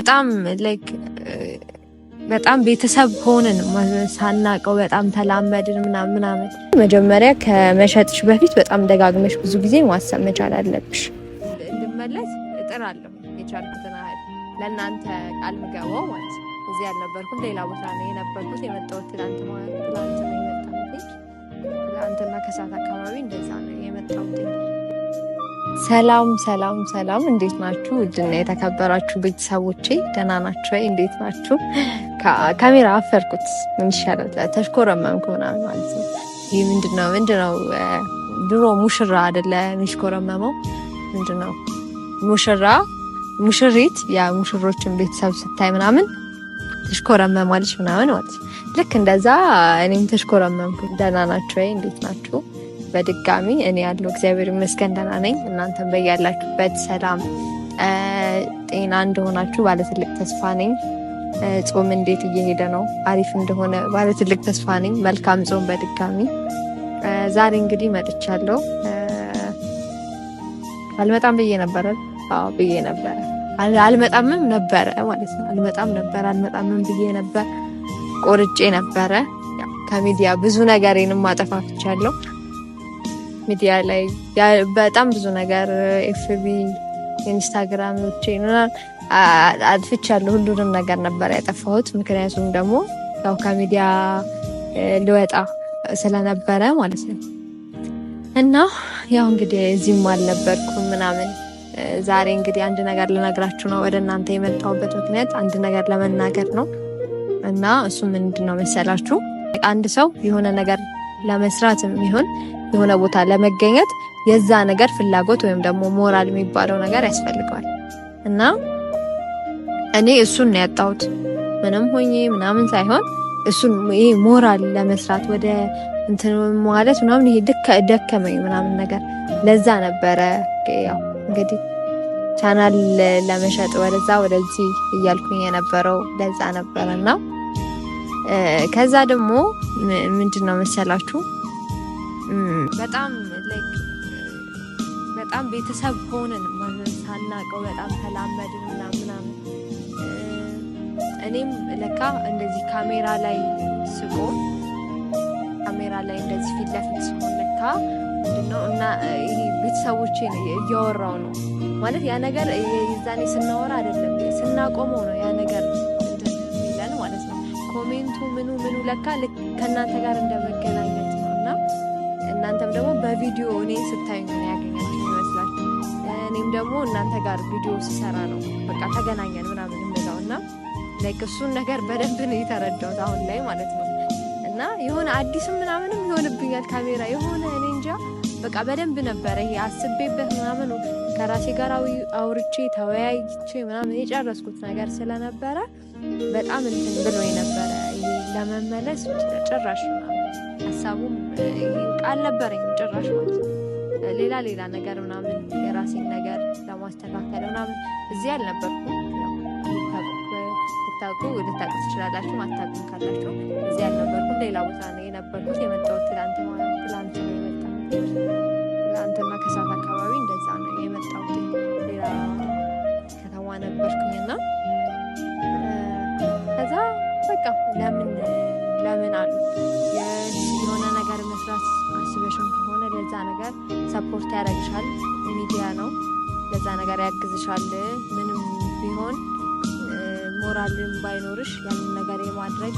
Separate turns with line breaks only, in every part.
በጣም ላይክ በጣም ቤተሰብ ሆንን ሳናቀው በጣም ተላመድን ምናምን ምናምን። መጀመሪያ ከመሸጥሽ በፊት በጣም ደጋግመሽ ብዙ ጊዜ ማሰብ መቻል አለብሽ። እንድመለስ እጥራለሁ የቻልኩትን ያህል ለእናንተ ቃል ምገባው ማለት ነው። እዚህ ያልነበርኩት ሌላ ቦታ ነው የነበርኩት። የመጣሁት ትናንት ትናንት ነው የመጣሁት። ትናንትና ከሰዓት አካባቢ እንደዛ ነው የመጣሁት። ሰላም ሰላም ሰላም፣ እንዴት ናችሁ? ውድና የተከበራችሁ ቤተሰቦቼ ደህና ናችሁ ወይ? እንዴት ናችሁ? ካሜራ አፈርኩት። ምን ይሻላል? ተሽኮረመምኩ ምናምን ማለት ነው። ይህ ምንድነው? ምንድነው? ድሮ ሙሽራ አይደለ የሚሽኮረመመው? ምንድነው? ሙሽራ ሙሽሪት የሙሽሮችን ቤተሰብ ስታይ ምናምን ትሽኮረመማለች ምናምን ማለት ልክ እንደዛ እኔም ተሽኮረመምኩ። ደህና ናችሁ ወይ? እንዴት ናችሁ? በድጋሚ እኔ ያለው እግዚአብሔር ይመስገን ደህና ነኝ። እናንተም በያላችሁበት ሰላም ጤና እንደሆናችሁ ባለትልቅ ተስፋ ነኝ። ጾም እንዴት እየሄደ ነው? አሪፍ እንደሆነ ባለትልቅ ተስፋ ነኝ። መልካም ጾም በድጋሚ ዛሬ እንግዲህ መጥቻለሁ። አልመጣም ብዬ ነበረ ብዬ ነበረ አልመጣምም ነበረ ማለት ነው። አልመጣም ነበር አልመጣምም ብዬ ነበር ቆርጬ ነበረ። ከሚዲያ ብዙ ነገሬንም አጠፋፍቻለሁ። ሚዲያ ላይ በጣም ብዙ ነገር ኤፍቢ ኢንስታግራሞቼ አጥፍቻ ያለ ሁሉንም ነገር ነበር ያጠፋሁት። ምክንያቱም ደግሞ ያው ከሚዲያ ልወጣ ስለነበረ ማለት ነው። እና ያው እንግዲህ እዚህም አልነበርኩም ምናምን። ዛሬ እንግዲህ አንድ ነገር ልነግራችሁ ነው። ወደ እናንተ የመጣሁበት ምክንያት አንድ ነገር ለመናገር ነው። እና እሱ ምንድን ነው መሰላችሁ አንድ ሰው የሆነ ነገር ለመስራት ይሁን የሆነ ቦታ ለመገኘት የዛ ነገር ፍላጎት ወይም ደግሞ ሞራል የሚባለው ነገር ያስፈልገዋል። እና እኔ እሱን ነው ያጣሁት። ምንም ሆኜ ምናምን ሳይሆን እሱን ይሄ ሞራል ለመስራት ወደ እንትን ማለት ምናምን ይሄ ደከመኝ ምናምን ነገር ለዛ ነበረ ያው እንግዲህ ቻናል ለመሸጥ ወደዛ ወደዚህ እያልኩኝ የነበረው ለዛ ነበረ እና ከዛ ደግሞ ምንድን ነው መሰላችሁ በጣም በጣም ቤተሰብ ሆነን ሳናቀው በጣም ተላመድን ምናምናምን። እኔም ለካ እንደዚህ ካሜራ ላይ ስቆ ካሜራ ላይ እንደዚህ ፊት ለፊት ስሆን ለካ ምንድነው እና ይሄ እያወራው ነው ማለት ያ ነገር የዛኔ ስናወራ አይደለም ስናቆመው ነው ያ ነገር ይላል ማለት ነው። ኮሜንቱ ምኑ ምኑ ለካ ከእናንተ ጋር እንደመገና እናንተም ደግሞ በቪዲዮ እኔ ስታዩ ነው ያገኛችሁ ይመስላል። እኔም ደግሞ እናንተ ጋር ቪዲዮ ሲሰራ ነው በቃ ተገናኘን ምናምን የምለው እና ላይክ እሱን ነገር በደንብ ነው የተረዳሁት አሁን ላይ ማለት ነው። እና የሆነ አዲስም ምናምንም ይሆንብኛል ካሜራ የሆነ እኔ እንጃ በቃ በደንብ ነበረ ይሄ አስቤበት ምናምኑ ከራሴ ጋር አውርቼ ተወያይቼ ምናምን የጨረስኩት ነገር ስለነበረ በጣም እንትን ብሎ ነበረ ለመመለስ ጭራሽ ሀሳቡም ቃል ነበረኝ ጭራሽ ማለት ነው። ሌላ ሌላ ነገር ምናምን የራሴን ነገር ለማስተካከል ምናምን እዚህ አልነበርኩም። ብታውቁ ልታውቁ ትችላላችሁ፣ አታውቁም ካላችሁ እዚህ አልነበርኩም። ሌላ ቦታ ነው የነበርኩት። የመጣሁት ትላንት ትላንት ነው የመጣሁት። ትላንትና ከሰዓት አካባቢ እንደዛ ነው የመጣሁት። ሌላ ከተማ ነበርኩኝና ከዛ በቃ ለም ለዛ ነገር ሰፖርት ያደርግሻል። ሚዲያ ነው፣ ለዛ ነገር ያግዝሻል። ምንም ቢሆን ሞራልም ባይኖርሽ ያንን ነገር የማድረግ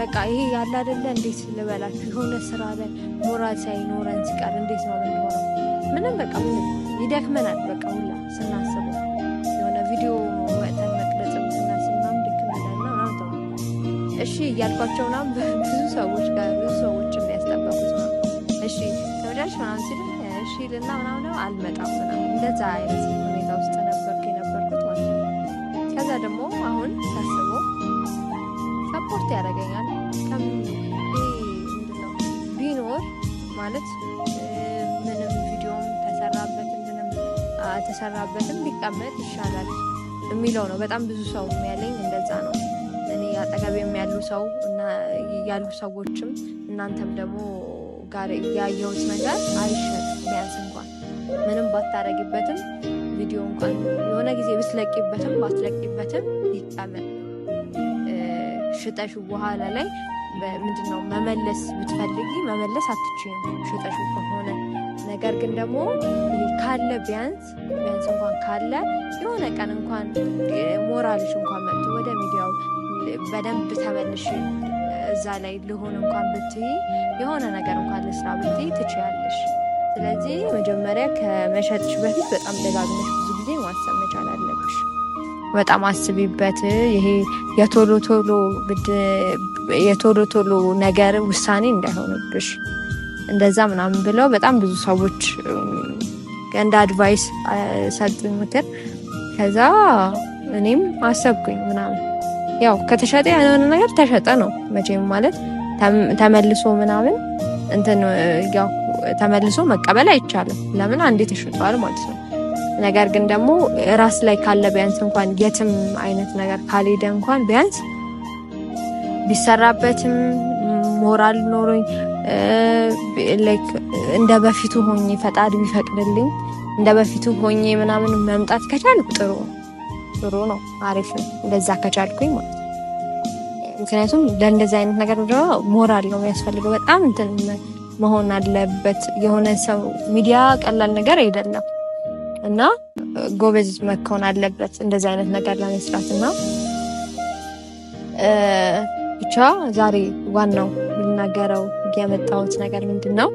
በቃ ይሄ ያለ አይደለ፣ እንዴት ልበላችሁ፣ የሆነ ስራ ላይ ሞራል ሳይኖረን ሲቀር እንዴት ነው የምንሆነው? ምንም በቃ ምንም ይደክመናል። በቃ ሁላ ስናስበው የሆነ ቪዲዮ መጠን መቅረጽ ስናስብ ምናምን ድክመናል። እሺ እያልኳቸው ምናምን ብዙ ሰዎች ጋር ብዙ ሰዎች ሄድና ምናምን አልመጣም ምናምን እንደዛ አይነት ሁኔታ ውስጥ ነበርኩ የነበርኩት ማለት ነው። ከዛ ደግሞ አሁን ሳስበው ሰፖርት ያደርገኛል ቢኖር ማለት ምንም ቪዲዮም ተሰራበት ምንም ተሰራበትም ቢቀመጥ ይሻላል የሚለው ነው። በጣም ብዙ ሰው የሚያለኝ እንደዛ ነው። እኔ አጠገቤም ያሉ ሰው እና ያሉ ሰዎችም እናንተም ደግሞ ጋር ያየሁት ነገር አይሸጥ ቢያንስ እንኳን ምንም ባታረግበትም ቪዲዮ እንኳን የሆነ ጊዜ ብትለቂበትም ባትለቂበትም ይቀመጥ። ሽጠሹ በኋላ ላይ ምንድነው መመለስ ብትፈልጊ መመለስ አትችም ሽጠሹ ከሆነ ነገር ግን ደግሞ ካለ ቢያንስ ቢያንስ እንኳን ካለ የሆነ ቀን እንኳን ሞራልሽ እንኳን መጥቶ ወደ ሚዲያው በደንብ ተመልሽ እዛ ላይ ልሆን እንኳን ብትይ የሆነ ነገር እንኳን ልስራ ብትይ ትችያለሽ። ስለዚህ መጀመሪያ ከመሸጥሽ በፊት በጣም ደጋግመሽ ብዙ ጊዜ ማሰብ መቻል አለብሽ። በጣም አስቢበት። ይሄ የቶሎ ቶሎ የቶሎ ቶሎ ነገር ውሳኔ እንዳይሆንብሽ እንደዛ ምናምን ብለው በጣም ብዙ ሰዎች እንደ አድቫይስ ሰጡኝ ምክር። ከዛ እኔም አሰብኩኝ ምናምን ያው ከተሸጠ ያልሆነ ነገር ተሸጠ ነው መቼም ማለት ተመልሶ ምናምን እንትን ያው ተመልሶ መቀበል አይቻልም። ለምን አንዴ ተሽጧል ማለት ነው። ነገር ግን ደግሞ ራስ ላይ ካለ ቢያንስ እንኳን የትም አይነት ነገር ካልሄደ እንኳን ቢያንስ ቢሰራበትም ሞራል ኖሮኝ ላይክ እንደ በፊቱ ሆኜ ፈጣድ ቢፈቅድልኝ እንደ በፊቱ ሆኜ ምናምን መምጣት ከቻልኩ ጥሩ ጥሩ ነው፣ አሪፍ ነው። እንደዛ ከቻልኩኝ ማለት ምክንያቱም ለእንደዚህ አይነት ነገር ደግሞ ሞራል ነው የሚያስፈልገው። በጣም እንትን መሆን አለበት። የሆነ ሰው ሚዲያ ቀላል ነገር አይደለም እና ጎበዝ መከሆን አለበት እንደዚህ አይነት ነገር ለመስራት እና ብቻ ዛሬ ዋናው የምናገረው የመጣሁት ነገር ምንድን ነው?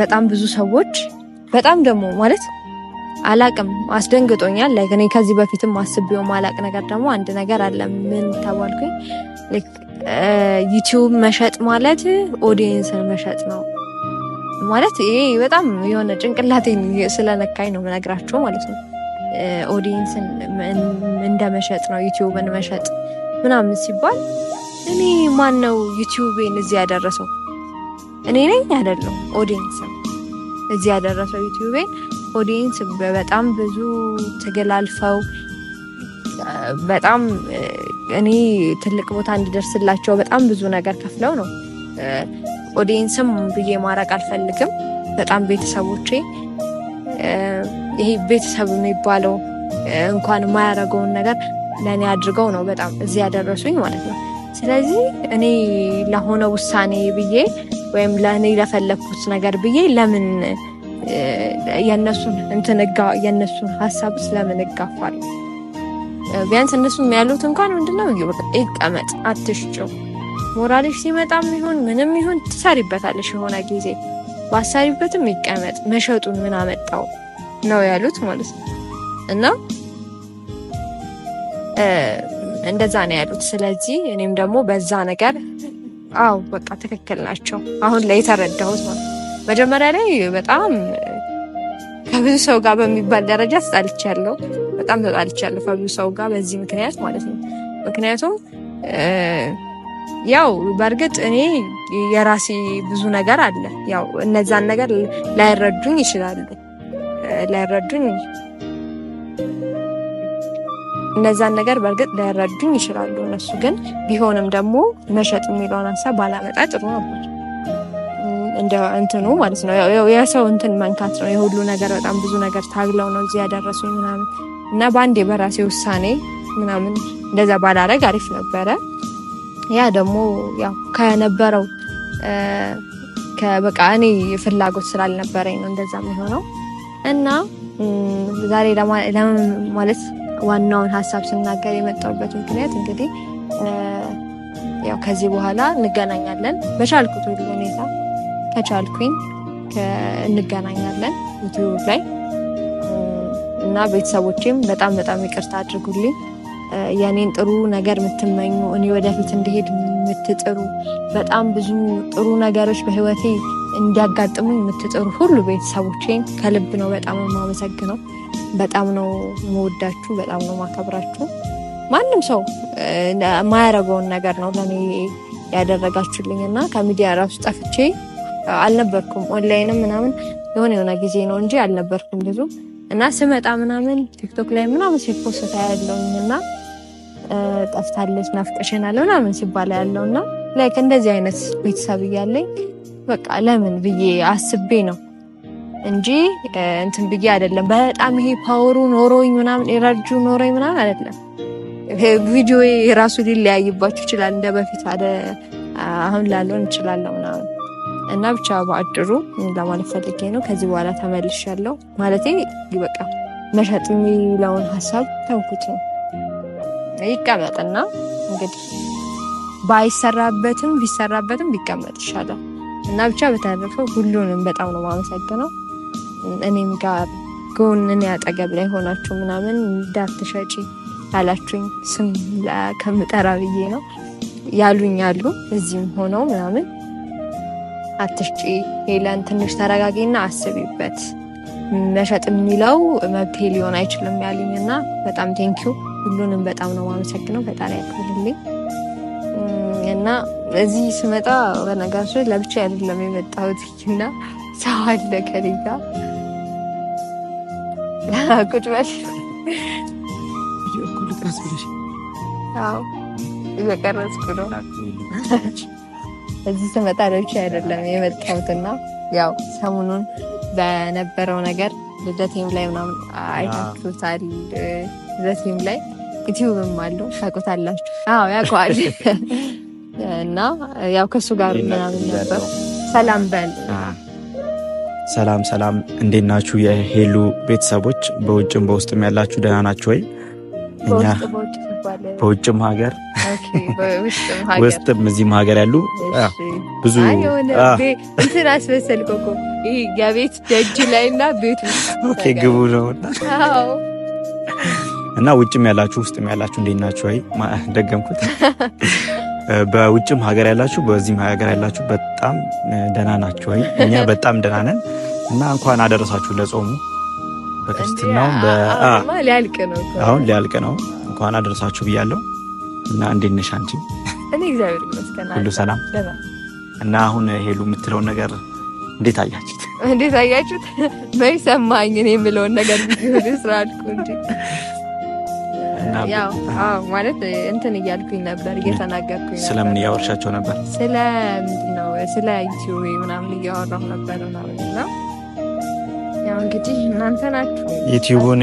በጣም ብዙ ሰዎች በጣም ደግሞ ማለት አላቅም አስደንግጦኛል። ላይክ እኔ ከዚህ በፊትም አስቤው ማላቅ ነገር ደግሞ አንድ ነገር አለ። ምን ተባልኩኝ? ዩቲዩብ መሸጥ ማለት ኦዲየንስን መሸጥ ነው ማለት ይሄ በጣም የሆነ ጭንቅላቴን ስለነካኝ ነው ምነግራቸው ማለት ነው። ኦዲየንስን እንደ መሸጥ ነው ዩቲዩብን መሸጥ ምናምን ሲባል እኔ ማን ነው ዩቲዩብን እዚህ ያደረሰው? እኔ ነኝ አይደለም ኦዲየንስን እዚህ ያደረሰው ዩቲዩብን ኦዲየንስ በጣም ብዙ ተገላልፈው በጣም እኔ ትልቅ ቦታ እንዲደርስላቸው በጣም ብዙ ነገር ከፍለው ነው። ኦዲየንስም ብዬ ማራቅ አልፈልግም። በጣም ቤተሰቦቼ ይሄ ቤተሰብ የሚባለው እንኳን የማያደርገውን ነገር ለእኔ አድርገው ነው በጣም እዚህ ያደረሱኝ ማለት ነው። ስለዚህ እኔ ለሆነ ውሳኔ ብዬ ወይም ለእኔ ለፈለግኩት ነገር ብዬ ለምን የእነሱን እንትንጋ የእነሱን ሀሳብ ስለምን ጋፋል? ቢያንስ እነሱም ያሉት እንኳን ምንድነው ይቀመጥ፣ አትሽጭው። ሞራልሽ ሲመጣም ይሁን ምንም ይሁን ትሰሪበታለሽ የሆነ ጊዜ ባሰሪበትም ይቀመጥ፣ መሸጡን ምን አመጣው ነው ያሉት ማለት ነው። እና እንደዛ ነው ያሉት። ስለዚህ እኔም ደግሞ በዛ ነገር አው በቃ ትክክል ናቸው አሁን ላይ የተረዳሁት ማለት ነው። መጀመሪያ ላይ በጣም ከብዙ ሰው ጋር በሚባል ደረጃ ተጣልቻለሁ። በጣም ተጣልቻለሁ ከብዙ ሰው ጋር በዚህ ምክንያት ማለት ነው። ምክንያቱም ያው በእርግጥ እኔ የራሴ ብዙ ነገር አለ። ያው እነዛን ነገር ላይረዱኝ ይችላሉ፣ ላይረዱኝ እነዛን ነገር በእርግጥ ላይረዱኝ ይችላሉ እነሱ ግን ቢሆንም ደግሞ መሸጥ የሚለውን ሀሳብ ባላመጣ ጥሩ ነበር። እንደ እንትኑ ማለት ነው የሰው እንትን መንካት ነው የሁሉ ነገር በጣም ብዙ ነገር ታግለው ነው እዚህ ያደረሱ ምናምን እና በአንዴ በራሴ ውሳኔ ምናምን እንደዛ ባላረግ አሪፍ ነበረ። ያ ደግሞ ያው ከነበረው በቃ እኔ ፍላጎት ስላልነበረኝ ነው እንደዛ የሚሆነው እና ዛሬ ማለት ዋናውን ሀሳብ ስናገር የመጣሁበት ምክንያት እንግዲህ ያው ከዚህ በኋላ እንገናኛለን በቻልኩት ሁሉ ሁኔታ ከቻልኩኝ እንገናኛለን ዩቲዩብ ላይ እና ቤተሰቦቼም በጣም በጣም ይቅርታ አድርጉልኝ። የእኔን ጥሩ ነገር የምትመኙ እኔ ወደፊት እንዲሄድ የምትጥሩ በጣም ብዙ ጥሩ ነገሮች በህይወቴ እንዲያጋጥሙኝ የምትጥሩ ሁሉ ቤተሰቦቼን ከልብ ነው በጣም የማመሰግነው። በጣም ነው መወዳችሁ በጣም ነው ማከብራችሁ። ማንም ሰው የማያደርገውን ነገር ነው ለእኔ ያደረጋችሁልኝ እና ከሚዲያ ራሱ ጠፍቼ አልነበርኩም። ኦንላይንም ምናምን የሆነ የሆነ ጊዜ ነው እንጂ አልነበርኩም ብዙ እና ስመጣ ምናምን ቲክቶክ ላይ ምናምን ሲፖስታ ያለው እና ጠፍታለች ናፍቀሽናል ምናምን ሲባላ ያለው እና ላይክ እንደዚህ አይነት ቤተሰብ እያለኝ በቃ ለምን ብዬ አስቤ ነው እንጂ እንትን ብዬ አይደለም። በጣም ይሄ ፓወሩ ኖሮኝ ምናምን ኤነርጂ ኖሮኝ ምናምን አይደለም። ቪዲዮ የራሱ ሊለያይባችሁ ይችላል። እንደ በፊት አሁን ላለውን እችላለሁ ምናምን እና ብቻ በአጭሩ ለማለት ፈልጌ ነው። ከዚህ በኋላ ተመልሻለሁ ማለቴ በቃ መሸጥ የሚለውን ሀሳብ ተውኩት ነው ይቀመጥና እንግዲህ ባይሰራበትም ቢሰራበትም ቢቀመጥ ይሻላል እና ብቻ በተረፈ ሁሉንም በጣም ነው ማመሰግነው። እኔም ጋር ጎንን ያጠገብ አጠገብ ላይ ሆናችሁ ምናምን እንዳትሸጪ ያላችሁኝ ስም ከምጠራ ብዬ ነው ያሉኝ ያሉ እዚህም ሆነው ምናምን አትሽጪ፣ ሄለን ትንሽ ተረጋጊና አስቢበት፣ መሸጥ የሚለው መብቴ ሊሆን አይችልም ያሉኝ እና በጣም ቴንኪዩ ሁሉንም በጣም ነው ማመሰግነው። ፈጣሪ ያክብርልኝ እና እዚህ ስመጣ በነገራችን ለብቻ አይደለም የመጣሁት እና ሰው አለ ከእኔ ጋር ቁጭ በል እየቀረጽኩ ነው። እዚህ ስመጣ ለብቻ አይደለም የመጣሁትና ያው ሰሞኑን በነበረው ነገር ልደቴም ላይ ምናምን አይታችሁታል። ልደቴም ላይ ዩቲዩብም አለው ታውቁታላችሁ። አዎ ያውቀዋል። እና ያው ከእሱ ጋር ምናምን ነበር። ሰላም በል
ሰላም ሰላም፣ እንዴት ናችሁ የሄሉ ቤተሰቦች? በውጭም በውስጥም ያላችሁ ደህና ናችሁ ወይ? እኛ በውጭም ሀገር ውስጥም እዚህም ሀገር ያሉ ብዙ
እንትን አስመሰልክ እኮ ይሄ የቤት ደጅ ላይና ቤት
ውስጥ ግቡ ነው እና ውጭም ያላችሁ ውስጥም ያላችሁ እንዴት ናችሁ? አይ ደገምኩት። በውጭም ሀገር ያላችሁ በዚህም ሀገር ያላችሁ በጣም ደህና ናችሁ ወይ? እኛ በጣም ደህና ነን እና እንኳን አደረሳችሁ ለጾሙ በክርስትናው አሁን ሊያልቅ ነው። እንኳን አደረሳችሁ ብያለሁ። እና እንዴት ነሽ አንቺ?
እኔ እግዚአብሔር ይመስገን
ሁሉ ሰላም እና አሁን ሄሉ የምትለውን ነገር እንዴት አያችሁት?
እንዴት አያችሁት? መች ሰማኝ እኔ የምለውን ነገር ቢሆን ስራ አልኩ ማለት እንትን እያልኩኝ ነበር እየተናገርኩኝ
ነበር። ስለምን እያወርሻቸው ነበር?
ስለ ምንድን ነው? ስለ ዩቲዩብ ምናምን እያወራሁ ነበር ምናምን ነው። ያው እንግዲህ እናንተ ናችሁ
ዩቲዩቡን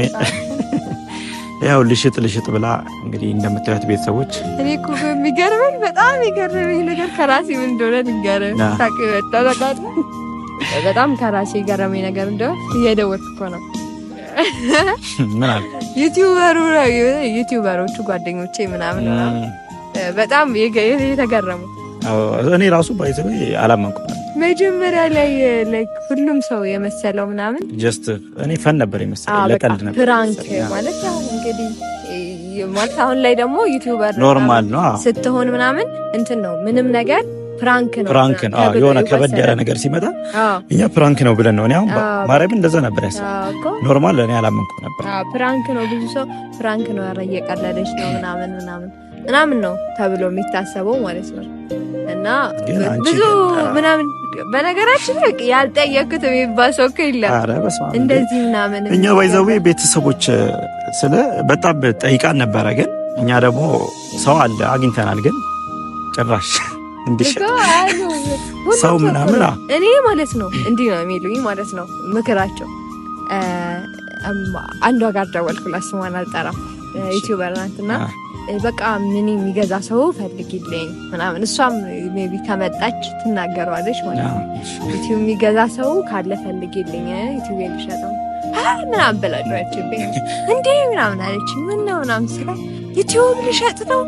ያው ልሽጥ ልሽጥ ብላ እንግዲህ እንደምታዩት ቤተሰቦች፣
እኔ እኮ በሚገርመኝ በጣም የገረመኝ ነገር ከራሴ ምን እንደሆነ ልንገርህ። በጣም ከራሴ የገረመኝ ነገር እንደሆነ እየደወልኩ እኮ ነው። ምን አለ ዩቲዩበሩ ዩቲዩበሮቹ ጓደኞቼ ምናምን በጣም የተገረሙ
እኔ ራሱ ባይዘ አላመንኩም
መጀመሪያ ላይ ላይክ ሁሉም ሰው የመሰለው ምናምን
ጀስት እኔ ፈን ነበር የመሰለው
ለቀልድ ነበር። ፕራንክ ማለት ያው እንግዲህ ማለት አሁን ላይ ደግሞ ዩቲዩበር ኖርማል ነው ስትሆን ምናምን እንትን ነው ምንም ነገር ፕራንክ ነው
ፕራንክ ነው። አዎ የሆነ ከበድ ያለ ነገር ሲመጣ እኛ ፕራንክ ነው ብለን ነው። እኔ አሁን ማርያምን እንደዛ ነበር ያሰብኩት። ኖርማል እኔ አላመንኩም ነበር።
ፕራንክ ነው ብዙ ሰው ፕራንክ ነው፣ ኧረ ነው ምናምን ምናምን ምናምን ነው ተብሎ የሚታሰበው ማለት ነው። እና ብዙ ምናምን በነገራችን ላይ ያልጠየኩት የሚባል ሰው እኮ የለም እንደዚህ ምናምን።
እኛ ባይዘዌ ቤተሰቦች ስለ በጣም ጠይቃን ነበረ፣ ግን እኛ ደግሞ ሰው አለ አግኝተናል፣ ግን ጭራሽ ሰው ምናምን
እኔ ማለት ነው እንዲህ ነው የሚሉኝ ማለት ነው ምክራቸው። አንዷ ጋር ደወልኩላት ስሟን አልጠራም ዩቲዩበር ናት እና በቃ ምን የሚገዛ ሰው ፈልግልኝ ምናምን እሷም ቢ ከመጣች ትናገረዋለች ማለት ነው። የሚገዛ ሰው ካለ ፈልግልኝ ዩቲዩብ የሚሸጠው ምናምን በላድራችብኝ እንዴ ምናምን አለች። ምን ነው ምናምን ስለ ዩቲዩብ ሊሸጥ ነው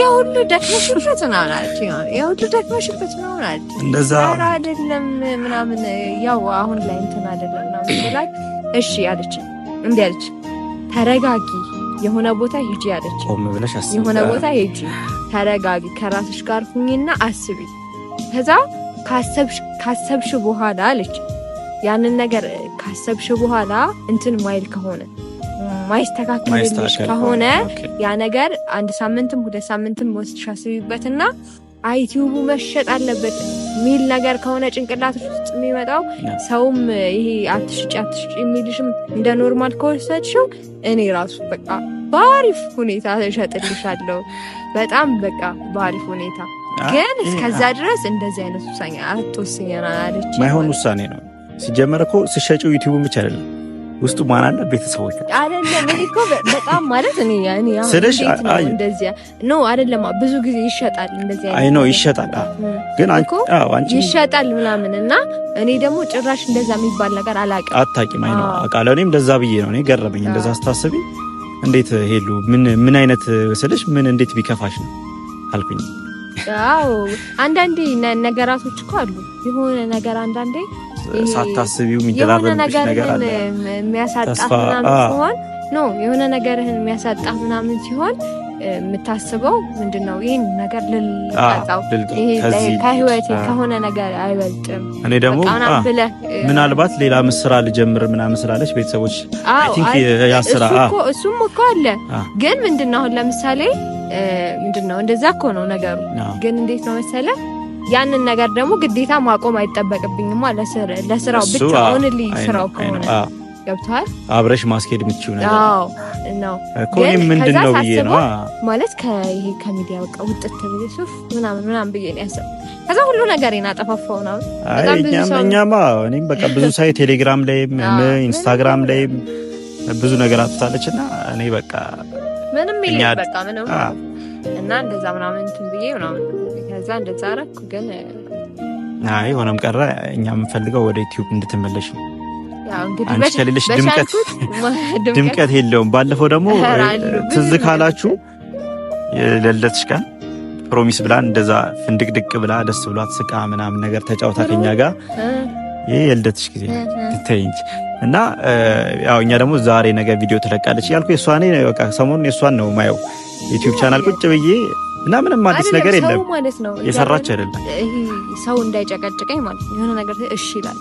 የሁሉ ደክመሽበት ምናምን አለች። የሁሉ ደክመሽበት ምናምን አለች። እንደዛ አይደለም ምናምን ያው አሁን ላይ እንትን አይደለም ምናምን ስላት እሺ አለች። እንዲ አለች ተረጋጊ የሆነ ቦታ ሂጂ አለች። የሆነ ቦታ ሂጂ፣ ተረጋጊ፣ ከራስሽ ጋር ሁኚና አስቢ። ከዛ ካሰብሽ በኋላ አለች ያንን ነገር ካሰብሽ በኋላ እንትን ማይል ከሆነ ማይስተካከልልሽ ከሆነ ያ ነገር አንድ ሳምንትም ሁለት ሳምንትም ወስድሽ አስቢበትና አይቲዩቡ መሸጥ አለበት ሚል ነገር ከሆነ ጭንቅላት ውስጥ የሚመጣው ሰውም ይሄ አትሽጭ አትሽጭ የሚልሽም እንደ ኖርማል ከወሰድሽው እኔ ራሱ በቃ በአሪፍ ሁኔታ እሸጥልሻለሁ። በጣም በቃ በአሪፍ ሁኔታ ግን እስከዛ ድረስ እንደዚህ አይነት ውሳኔ አትወስኝ አለች።
ማይሆን ውሳኔ ነው። ሲጀመር እኮ ስሸጭው ዩቲዩቡን ብቻ አይደለም ውስጡ ማን አለ? ቤተሰቦች
አይደለም። እኔ እኮ በጣም ማለት እኔ እኔ ስለሽ እንደዚያ ነው አይደለም። ብዙ ጊዜ ይሸጣል እንደዚህ
አይ ነው ይሸጣል፣ ግን አዎ
አንቺ ይሸጣል ምናምን እና እኔ ደግሞ ጭራሽ እንደዛ የሚባል ነገር አላውቅም፣
አታውቂም። አይ ነው አውቃለሁ። እኔም እንደዛ ብዬ ነው እኔ ገረመኝ። እንደዛ አስታስቢ እንዴት ሄሉ ምን ምን አይነት ስልሽ ምን እንዴት ቢከፋሽ ነው አልኩኝ።
አዎ አንዳንዴ ነገራቶች እኮ አሉ የሆነ ነገር አንዳንዴ
ሳታስቢው የሚደራረብሽ
ነገር አለ። የሚያሳጣህ ምናምን ሲሆን ኖ የሆነ ነገርህን የሚያሳጣ ምናምን ሲሆን የምታስበው ምንድን ነው? ይህን ነገር ልልጣው ከህይወቴ ከሆነ ነገር አይበልጥም።
እኔ ደግሞ ምናልባት ሌላ ምስራ ልጀምር ምናምን ስላለች ቤተሰቦች
እሱም እኮ አለ። ግን ምንድን ነው አሁን ለምሳሌ ምንድን ነው እንደዛ እኮ ነው ነገሩ። ግን እንዴት ነው መሰለህ ያንን ነገር ደግሞ ግዴታ ማቆም አይጠበቅብኝም ለስራው ብቻ አሁን ልይ ስራው ከሆነ ገብቷል
አብረሽ ማስኬድ የምትችው ነገር
አዎ ነው
ምንድን ነው ብዬ ነው
ማለት ከይሄ ከሚዲያ በቃ ውጥት ተብዬ ሱፍ ምናምን ምናምን ብዬ ነው ያሰብ ከዛ ሁሉ ነገር ናጠፋፋው ነው።
እኛማ እኔም በቃ ብዙ ሳይ ቴሌግራም ላይም ኢንስታግራም ላይም ብዙ ነገር አትታለች እና እኔ በቃ
ምንም የለም በቃ ምንም እና እንደዛ ምናምን እንትን ብዬ ምናምን እንደዛ እንደዛ አረኩ። ግን
አይ ሆነም ቀረ እኛ የምንፈልገው ወደ ዩቲዩብ እንድትመለሽ ነው።
አንቺ ከሌለሽ
ድምቀት የለውም። ባለፈው ደግሞ ትዝ ካላችሁ የልደትሽ ቀን ፕሮሚስ ብላ እንደዛ ፍንድቅድቅ ብላ ደስ ብሏት ስቃ ምናምን ነገር ተጫውታ ከኛ ጋር ይህ የልደትሽ ጊዜ ትተይንች እና ያው እኛ ደግሞ ዛሬ ነገ ቪዲዮ ትለቃለች እያልኩ የእሷ ሰሞኑን የእሷን ነው ማየው ዩቲዩብ ቻናል ቁጭ ብዬ እና ምንም አዲስ ነገር
የለም ማለት ነው።
የሰራች አይደለም
ሰው እንዳይጨቀጭቀኝ ማለት ነው የሆነ ነገር እሺ ይላል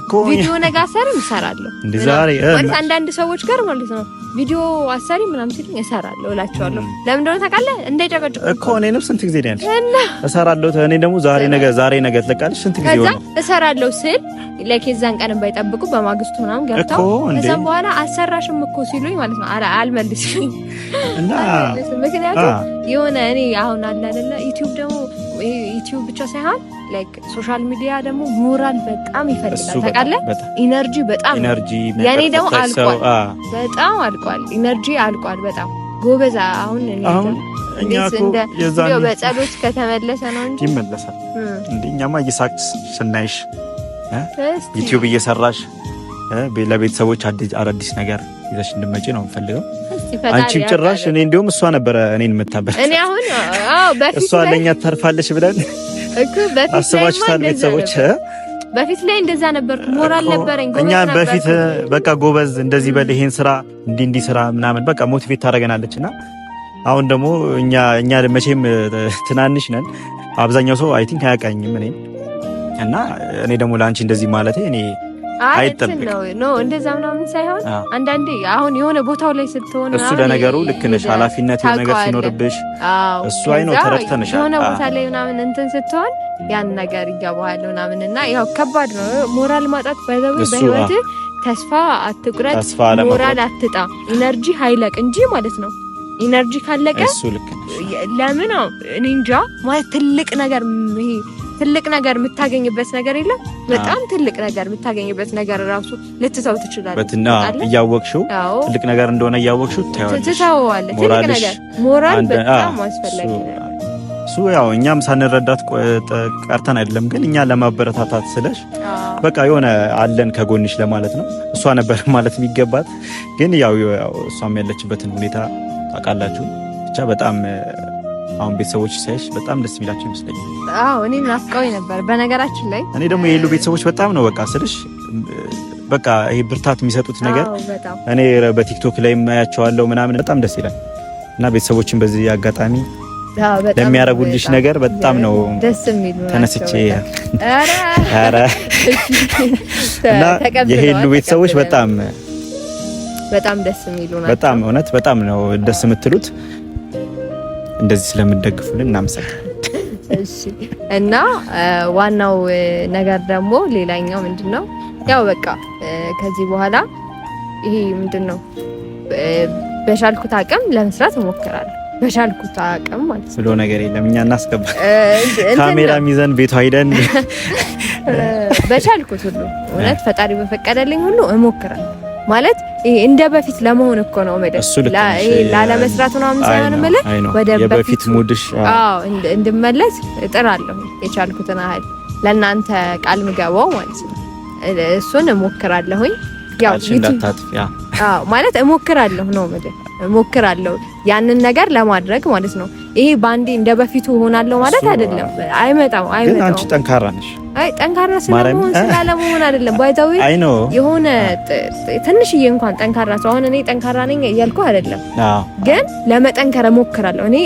እኮ ቪዲዮ ነገ አሰሪም እሰራለሁ። ዛሬ ማለት አንዳንድ ሰዎች ጋር ማለት ነው ቪዲዮ አሰሪ ምናምን ሲሉኝ እሰራለሁ እላቸዋለሁ። ለምን እንደሆነ ታውቃለህ? እንዳይጨቀጭቁ
እኮ እኔ ነው ስንት ጊዜ እና እሰራለሁ። እኔ ደግሞ ዛሬ ነገ ዛሬ ነገ ትለቃለች። ስንት ጊዜ ነው
እሰራለሁ ስል ላይክ የዛን ቀን ባይጠብቁ በማግስቱ ምናምን ገብተው ከዛም በኋላ አሰራሽም እኮ ሲሉኝ ማለት ነው አልመልስም እና ምክንያቱም የሆነ እኔ አሁን አለ አይደለ ዩቲዩብ ደግሞ ዩቲዩብ ብቻ ሳይሆን ላይክ ሶሻል ሚዲያ ደግሞ ሞራል በጣም ይፈልጋል። ታውቃለህ፣ ኢነርጂ በጣም ኢነርጂ። የኔ ደግሞ አልቋል፣ በጣም አልቋል፣ ኢነርጂ አልቋል። በጣም አሁን
እኛ እኮ
በጸሎት ከተመለሰ ነው እንጂ
ይመለሳል። እኛማ ስናይሽ ዩቲዩብ እየሰራሽ ለቤተሰቦች አዲስ ነገር ይዘሽ እንድትመጪ ነው የምፈልገው። አንቺም ጭራሽ እኔ እንዲሁም እሷ ነበረ እኔን የምታበል።
እኔ አሁን አዎ፣ በፊት እሷ
ለኛ ተርፋለች ብለን እኮ በፊት አስባችሁታል ቤተሰቦች።
በፊት ላይ እንደዛ ነበር፣ ሞራል ነበረኝ።
እኛ በፊት በቃ ጎበዝ፣ እንደዚህ በል፣ ይሄን ስራ እንዲህ እንዲህ ስራ ምናምን በቃ ሞቲቬት ታደርገናለችና አሁን ደግሞ እኛ እኛ መቼም ትናንሽ ነን። አብዛኛው ሰው አይ ቲንክ አያውቃኝም እኔ እና እኔ ደግሞ ለአንቺ እንደዚህ ማለቴ እኔ
አይጠብቅም ነው እንደዛ ምናምን ሳይሆን አንዳንዴ አሁን የሆነ ቦታው ላይ ስትሆን እሱ
ለነገሩ ልክ ነሽ፣ ኃላፊነት ነገር ሲኖርብሽ እሱ አይ ነው ተረድተንሻል። የሆነ
ቦታ ላይ ምናምን እንትን ስትሆን ያን ነገር እያባህል ምናምን እና ያው ከባድ ነው ሞራል ማጣት ባይዘው በህይወት ተስፋ አትቁረጥ፣ ሞራል አትጣ፣ ኢነርጂ ሀይለቅ እንጂ ማለት ነው። ኢነርጂ ካለቀ ለምን እኔ እንጃ ማለት ትልቅ ነገር ይሄ ትልቅ ነገር የምታገኝበት ነገር የለም። በጣም ትልቅ ነገር የምታገኝበት ነገር ራሱ ልትተው ትችላለች።
እያወቅሽው ትልቅ ነገር እንደሆነ እያወቅሽው
ትተዋለች። ሞራል በጣም አስፈላጊ ነው።
እሱ ያው እኛም ሳንረዳት ቀርተን አይደለም፣ ግን እኛ ለማበረታታት ስለሽ በቃ የሆነ አለን ከጎንሽ ለማለት ነው። እሷ ነበር ማለት የሚገባት ግን ያው እሷም ያለችበትን ሁኔታ ታውቃላችሁ ብቻ በጣም አሁን ቤተሰቦች ሳይሽ በጣም ደስ የሚላቸው ይመስለኛል።
አዎ እኔም ናፍቀውኝ ነበር። በነገራችን ላይ
እኔ ደግሞ የሄሉ ቤተሰቦች በጣም ነው በቃ ስልሽ በቃ ይሄ ብርታት የሚሰጡት ነገር እኔ በቲክቶክ ላይ የማያቸዋለው ምናምን በጣም ደስ ይላል እና ቤተሰቦችን በዚህ አጋጣሚ ለሚያደርጉልሽ ነገር በጣም ነው ተነስቼ እና የሄሉ ቤተሰቦች በጣም
በጣም ደስ የሚሉ ናቸው።
በጣም እውነት በጣም ነው ደስ የምትሉት እንደዚህ ስለምደግፉልን እናመሰግናለን።
እሺ እና ዋናው ነገር ደግሞ ሌላኛው ምንድን ነው ያው በቃ ከዚህ በኋላ ይሄ ምንድን ነው በሻልኩት አቅም ለመስራት እሞክራለሁ። በሻልኩት አቅም ማለት
ብሎ ነገር የለም እኛ እናስገባ ካሜራ ይዘን ቤቷ ሂደን
በሻልኩት ሁሉ እውነት ፈጣሪ በፈቀደልኝ ሁሉ እሞክራለሁ። ማለት ይሄ እንደ በፊት ለመሆን እኮ ነው መደብ ላለመስራት ነው ሳይሆን የምልህ
ወደ በፊት ሙድሽ
እንድመለስ እጥራለሁ የቻልኩትን ያህል ለእናንተ ቃል ምገባው ማለት ነው። እሱን እሞክራለሁኝ
ያው
ማለት እሞክራለሁ ነው መደብ ሞክራለሁ ያንን ነገር ለማድረግ ማለት ነው። ይሄ ባንዴ እንደ በፊቱ ሆናለሁ ማለት አይደለም። አይመጣም አይመጣም።
ግን አንቺ ጠንካራ ነሽ።
አይ ጠንካራ ስለመሆን ስላለመሆን አይደለም። ባይታዊ የሆነ ትንሽዬ እንኳን ጠንካራ ሰው አሁን እኔ ጠንካራ ነኝ እያልኩ አይደለም፣ ግን ለመጠንከር እሞክራለሁ። እኔ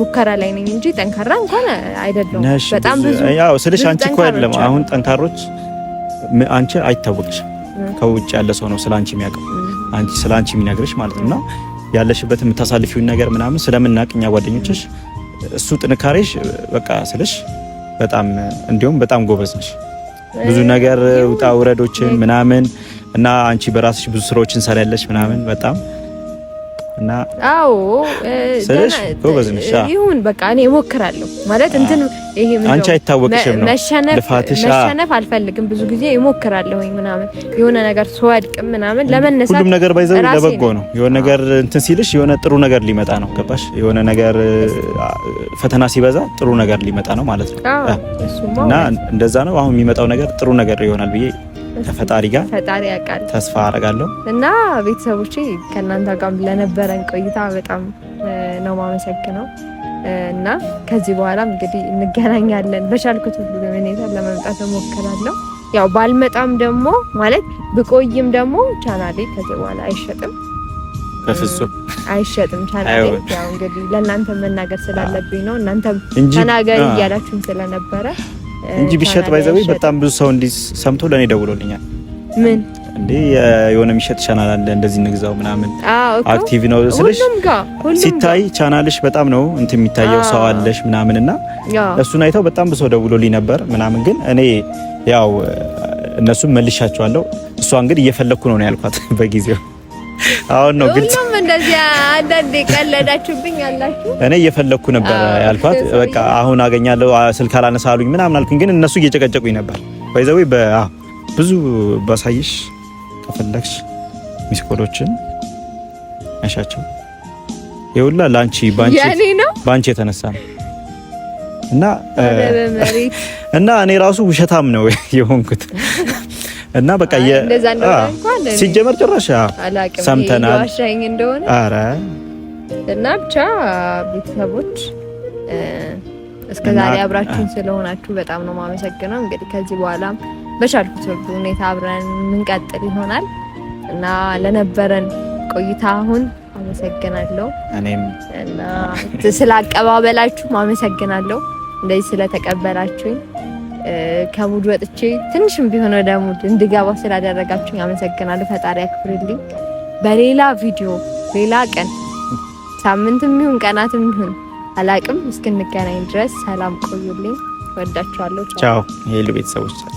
ሙከራ ላይ ነኝ እንጂ ጠንካራ እንኳን አይደለም።
በጣም ብዙ ያው ስልሽ አንቺ እኮ አይደለም አሁን ጠንካሮች አንቺ አይታወቅሽም። ከውጭ ያለ ሰው ነው ስለ አንቺ የሚያውቀው አንቺ ስለ አንቺ የሚነግርሽ ማለት ነው ያለሽበት የምታሳልፊውን ነገር ምናምን ስለምናቅኛ ጓደኞችሽ እሱ ጥንካሬሽ በቃ ስልሽ በጣም እንዲሁም በጣም ጎበዝ ነሽ። ብዙ ነገር ውጣ ውረዶችን ምናምን እና አንቺ በራስሽ ብዙ ስራዎችን ሰራለሽ ምናምን በጣም እና
አዎ ስለሽ ጎበዝ ነሽ። ይሁን በቃ እኔ እሞክራለሁ ማለት እንትን ይሄ
ምን አንቺ አይታወቅሽም ነው
መሸነፍ አልፈልግም። ብዙ ጊዜ እሞክራለሁ ምናምን የሆነ ነገር ስወድቅ ምናምን ለመነሳት
ሁሉም ነገር ባይዘው ለበጎ ነው። የሆነ ነገር እንትን ሲልሽ የሆነ ጥሩ ነገር ሊመጣ ነው። ገባሽ? የሆነ ነገር ፈተና ሲበዛ ጥሩ ነገር ሊመጣ ነው ማለት ነው። እና እንደዛ ነው አሁን የሚመጣው ነገር ጥሩ ነገር ይሆናል ብዬ ከፈጣሪ ጋር
ፈጣሪ ያውቃል
ተስፋ አደርጋለሁ።
እና ቤተሰቦቼ ከእናንተ ጋር ለነበረን ቆይታ በጣም ነው ማመሰግነው እና ከዚህ በኋላም እንግዲህ እንገናኛለን። በቻልኩት ሁሉ ሁኔታ ለመምጣት እሞክራለሁ። ያው ባልመጣም ደግሞ ማለት ብቆይም ደግሞ ቻናሌ ከዚህ በኋላ አይሸጥም፣ በፍጹም አይሸጥም። ቻናሌ ያው እንግዲህ ለእናንተ መናገር ስላለብኝ ነው እናንተ ተናገሪ እያላችሁም ስለነበረ
እንጂ ቢሸጥ ባይዘው በጣም ብዙ ሰው እንዲህ ሰምቶ ለእኔ ደውሎልኛል። ምን እንዴ የሆነ የሚሸጥ ቻናል አለ እንደዚህ ንግዛው ምናምን አክቲቭ ነው ስልሽ ሲታይ ቻናልሽ በጣም ነው እንትን የሚታየው ሰው አለሽ ምናምን እና እሱን አይተው በጣም ብዙ ሰው ደውሎልኝ ነበር ምናምን ግን እኔ ያው እነሱም መልሻቸዋለሁ። እሷ እንግዲህ እየፈለግኩ ነው ያልኳት በጊዜው አሁን ነው
ግልጽ። ሁሉም እንደዚያ አንዳንዴ ቀለዳችሁብኝ አላችሁ።
እኔ እየፈለኩ ነበር ያልኳት፣ በቃ አሁን አገኛለሁ ስልክ አላነሳ አሉኝ ምናምን አልኩኝ፣ ግን እነሱ እየጨቀጨቁኝ ነበር። ባይዘዌ ብዙ ባሳይሽ ከፈለግሽ ሚስኮሎችን አሻቸው ይውላ ላንቺ ባንቺ ያኔ ነው ባንቺ የተነሳ ነው እና እና እኔ ራሱ ውሸታም ነው የሆንኩት እና በቃ ሲጀመር ጭራሽ ሰምተናል እንደሆነ አረ
እና ብቻ ቤተሰቦች እስከ ዛሬ አብራችሁን ስለሆናችሁ በጣም ነው ማመሰግነው። እንግዲህ ከዚህ በኋላም በቻልኩት ሁኔታ አብረን የምንቀጥል ይሆናል እና ለነበረን ቆይታ አሁን አመሰግናለሁ። እኔም እና ስለ አቀባበላችሁ አመሰግናለሁ፣ እንደዚህ ስለተቀበላችሁኝ ከሙድ ወጥቼ ትንሽም ቢሆን ወደ ሙድ እንድገባ ስላደረጋችሁኝ አመሰግናለሁ። ፈጣሪ አክብርልኝ በሌላ ቪዲዮ ሌላ ቀን ሳምንትም ይሁን ቀናትም ይሁን አላቅም፣ እስክንገናኝ ድረስ ሰላም ቆዩልኝ። ወዳችኋለሁ።
ቻው የሉ ቤተሰቦች